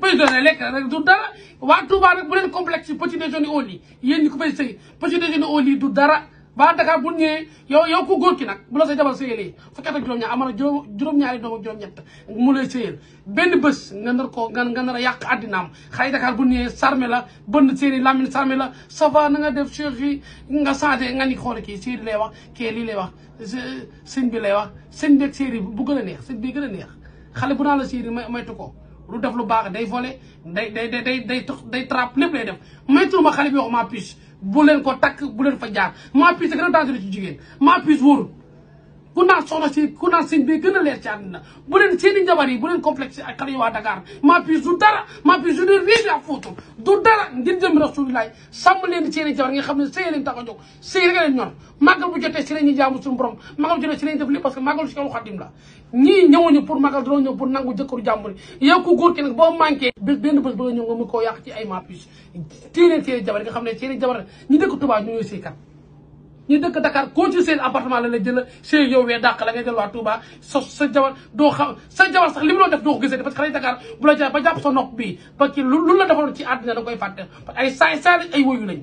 président ne lekk rek du dara waa Touba rek bu leen complexe petit déjeuner au lit yéen ñi ko fay sëy petit du dara waa Dakar bu ñëwee yow yow ku góor ki nag bu la sa jabar sëyalee fukki at ak benn bés nga nar koo nga nga nar a yàq àddinaam xay Dakar bu ñëwee sarme la bënn séeri lamine sarme la safa na nga def cheikh nga changé nga ni xool kii séeri lay wax kii lii lay wax sëñ bi lay wax sëñ beeg séeri bu gën a neex sëñ bi gën a neex xale bu naa la ma maytu ko du def lu baax day volé day day day day tox day trappe lépp lay def moytuwul ma xale bi wax bu leen ko takk bu leen fa jaar maa puce gën a dangereux ci jigéen maa puce ku naan soxna si ku naan sëñ bi gën a leer ci àddina bu leen seen i njabar yi bu leen complexe ak xale yi waa Dakar maa puis du dara maa puis je ne rien à foutre du dara ngir jëm rasulilah sàmm leen seen i jabar nga xam ne sëy leen tax a jóg sëy rek leen ñor màggal bu jotee si la ñuy jaamu suñu borom màggal bu jotee si la ñuy def lii parce que màggal si kaw xadim la ñii ñëwuñu pour màggal dañoo ñëw pour nangu jëkkëru jàmbur yow ku góor ki nag boo manqué bés benn bés ba nga ñëw nga mu koo yàq ci ay maa puis téye leen seen i jabar yi nga xam ne seen i jabar ñi dëkk Tuubaa ñu ñooy sëykat ñi dëkk Dakar ko ci seen appartement la lay jël chez yow wee dàq la ngay jël waa Touba sa sa jabar sax li mu doon def doo ko gisee parce que xale Dakar bu la jaay ba jàpp sa nopp bi ba ci lu la defoon ci da koy fàtte parce que ay saay saay lañ ay woyu lañ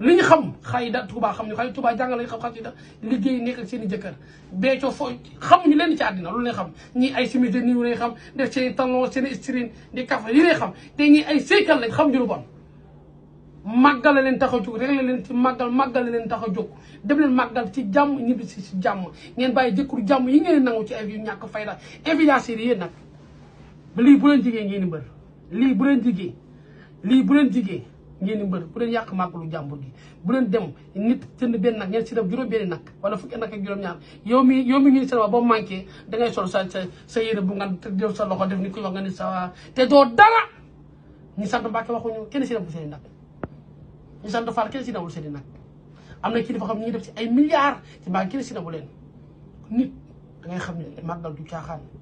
li ñu xam xayda Touba ñu xay Touba jàngal lañ xam xasida liggéey nekk ak seen i leen ci àddina loolu lañ xam ñii ay simide niw lañ xam def seen i talon seen i string di kafe yi lay xam te ñii ay séykal lañ xam ñu lu bon màggal la leen tax a jóg rek la leen ci màggal màggal la leen tax a jóg dem leen màggal ci jàmm ñibbi si si jàmm ngeen bàyyi jëkkuru jàmm yi ngeen nangu ci ay yu ñàkk fayda évidence yi yéen nag lii bu leen ngeen di mbër lii bu leen jigee lii bu leen jigee ngeen di mbër bu leen yàq màggalu jàmbur gi bu leen dem nit jënd benn nag ngeen si def juróom benn nag wala fukki nag ak juróom-ñaar yow mi yow mi ngeen si boo manqué dangay sol sa sa sa yére bu nga def sa loxo def ni ko wax nga ni sa te doo dara ñu sant Mbàkke waxuñu kenn si def bu seen nag ñu sant Fall kenn si nawul seen i nag am na kilifa xam ne ñu def si ay milliards ci mbaa kenn si nawu leen nit da ngay xam ne màggal du caaxaan.